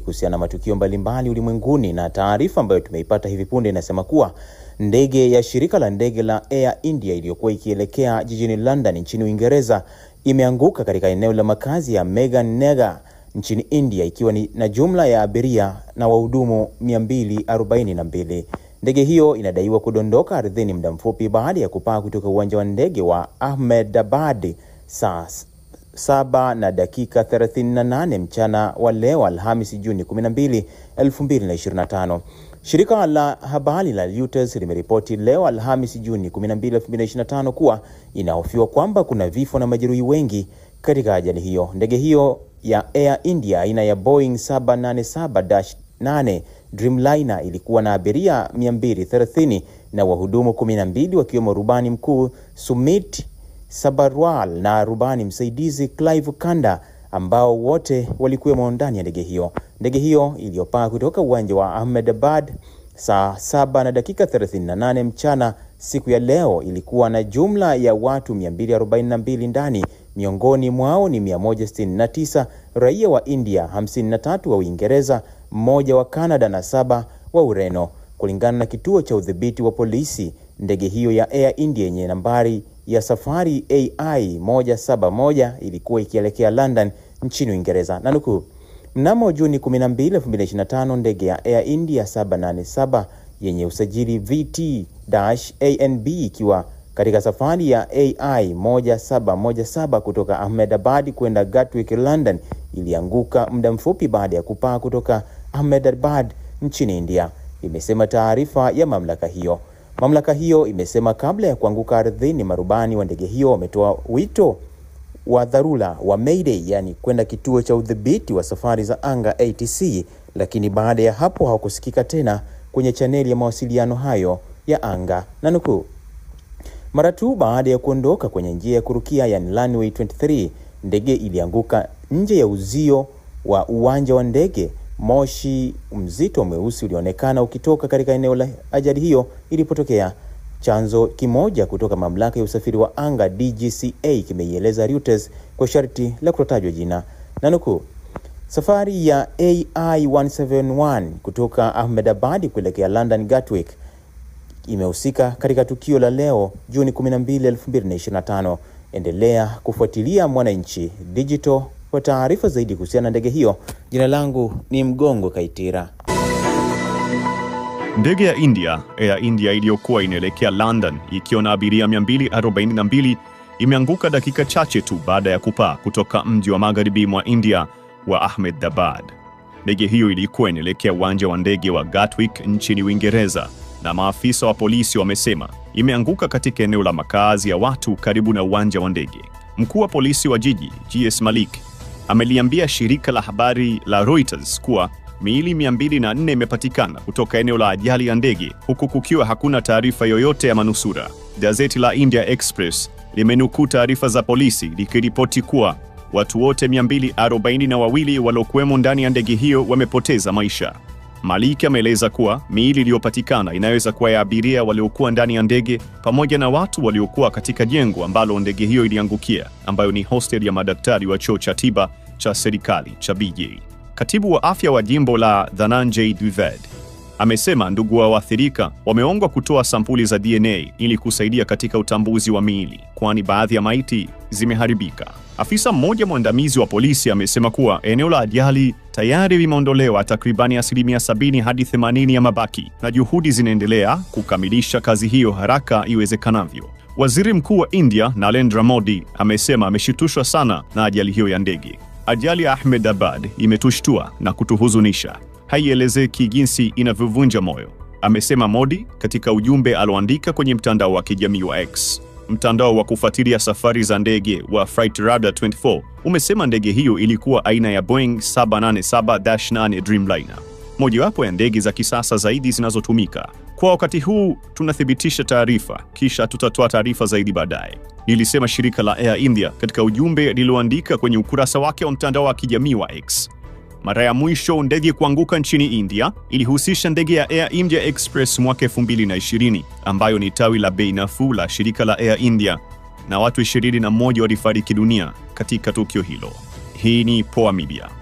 kuhusiana na matukio mbalimbali ulimwenguni, na taarifa ambayo tumeipata hivi punde inasema kuwa ndege ya shirika la ndege la Air India iliyokuwa ikielekea jijini London nchini Uingereza imeanguka katika eneo la makazi ya Megan Nagar nchini India ikiwa ni na jumla ya abiria na wahudumu 242. Ndege hiyo inadaiwa kudondoka ardhini muda mfupi baada ya kupaa kutoka uwanja wa ndege wa Ahmedabad saa saba na dakika 38 mchana wa leo Alhamisi Juni 12, 2025. Shirika la habari la Reuters limeripoti leo Alhamisi Juni 12, 2025 kuwa inahofiwa kwamba kuna vifo na majeruhi wengi katika ajali hiyo. Ndege hiyo ya Air India aina ya Boeing 787-8 Dreamliner ilikuwa na abiria 230 na wahudumu 12 wakiwemo rubani mkuu Sumit Sabarwal na rubani msaidizi Clive Kanda ambao wote walikuwemo ndani ya ndege hiyo. Ndege hiyo iliyopaa kutoka uwanja wa Ahmedabad saa saba na dakika 38 mchana siku ya leo ilikuwa na jumla ya watu 242 ndani, miongoni mwao ni 169 raia wa India, 53 wa Uingereza, mmoja wa canada na saba wa Ureno, kulingana na kituo cha udhibiti wa polisi. Ndege hiyo ya Air India yenye nambari ya safari AI 171 ilikuwa ikielekea London nchini Uingereza na mnamo Juni 12, 2025 ndege ya Air India 787 yenye usajili VT-ANB ikiwa katika safari ya AI 1717 kutoka Ahmedabad kwenda Gatwick, London ilianguka muda mfupi baada ya kupaa kutoka Ahmedabad nchini India, imesema taarifa ya mamlaka hiyo. Mamlaka hiyo imesema kabla ya kuanguka ardhini, marubani wa ndege hiyo wametoa wito wa dharura wa Mayday, yani kwenda kituo cha udhibiti wa safari za anga ATC, lakini baada ya hapo hawakusikika tena kwenye chaneli ya mawasiliano hayo ya anga, na nukuu, mara tu baada ya kuondoka kwenye njia ya kurukia yani runway 23, ndege ilianguka nje ya uzio wa uwanja wa ndege Moshi mzito mweusi ulionekana ukitoka katika eneo la ajali hiyo ilipotokea. Chanzo kimoja kutoka mamlaka ya usafiri wa anga DGCA kimeieleza Reuters kwa sharti la kutotajwa jina, na nukuu, safari ya AI 171 kutoka Ahmedabad kuelekea London Gatwick imehusika katika tukio la leo Juni 12, 2025. Endelea kufuatilia Mwananchi Digital kwa taarifa zaidi kuhusiana na ndege hiyo, jina langu ni Mgongo Kaitira. Ndege ya India Air India iliyokuwa inaelekea London ikiwa na abiria 242 imeanguka dakika chache tu baada ya kupaa kutoka mji wa magharibi mwa India wa Ahmedabad. Ndege hiyo ilikuwa inaelekea uwanja wa ndege wa Gatwick nchini Uingereza, na maafisa wa polisi wamesema imeanguka katika eneo la makazi ya watu karibu na uwanja wa ndege. Mkuu wa polisi wa jiji GS Malik ameliambia shirika la habari la Reuters kuwa miili 204 imepatikana kutoka eneo la ajali ya ndege huku kukiwa hakuna taarifa yoyote ya manusura. Gazeti la India Express limenukuu taarifa za polisi likiripoti kuwa watu wote 242 waliokuwemo ndani ya ndege hiyo wamepoteza maisha. Maliki ameeleza kuwa miili iliyopatikana inaweza kuwa ya abiria waliokuwa ndani ya ndege pamoja na watu waliokuwa katika jengo ambalo ndege hiyo iliangukia, ambayo ni hostel ya madaktari wa chuo cha tiba cha serikali cha BJ. Katibu wa afya wa jimbo la Dhananjay duved amesema ndugu wa waathirika wameongwa kutoa sampuli za DNA ili kusaidia katika utambuzi wa miili, kwani baadhi ya maiti zimeharibika. Afisa mmoja mwandamizi wa polisi amesema kuwa eneo la ajali tayari limeondolewa takribani asilimia 70 hadi 80 ya mabaki na juhudi zinaendelea kukamilisha kazi hiyo haraka iwezekanavyo. Waziri Mkuu wa India Narendra Modi amesema ameshitushwa sana na ajali hiyo ya ndege. Ajali ya Ahmedabad imetushtua na kutuhuzunisha, haielezeki jinsi inavyovunja moyo, amesema Modi katika ujumbe alioandika kwenye mtandao wa kijamii wa X. Mtandao wa kufuatilia safari za ndege wa Flightradar24 umesema ndege hiyo ilikuwa aina ya Boeing 787-8 Dreamliner mojawapo ya ndege za kisasa zaidi zinazotumika kwa wakati huu. Tunathibitisha taarifa, kisha tutatoa taarifa zaidi baadaye, lilisema shirika la Air India katika ujumbe lililoandika kwenye ukurasa wake wa mtandao wa kijamii wa X. Mara ya mwisho ndege kuanguka nchini India ilihusisha ndege ya Air India Express mwaka 2020 ambayo ni tawi la bei nafuu la shirika la Air India, na watu 21 walifariki dunia katika tukio hilo. Hii ni Poa Media.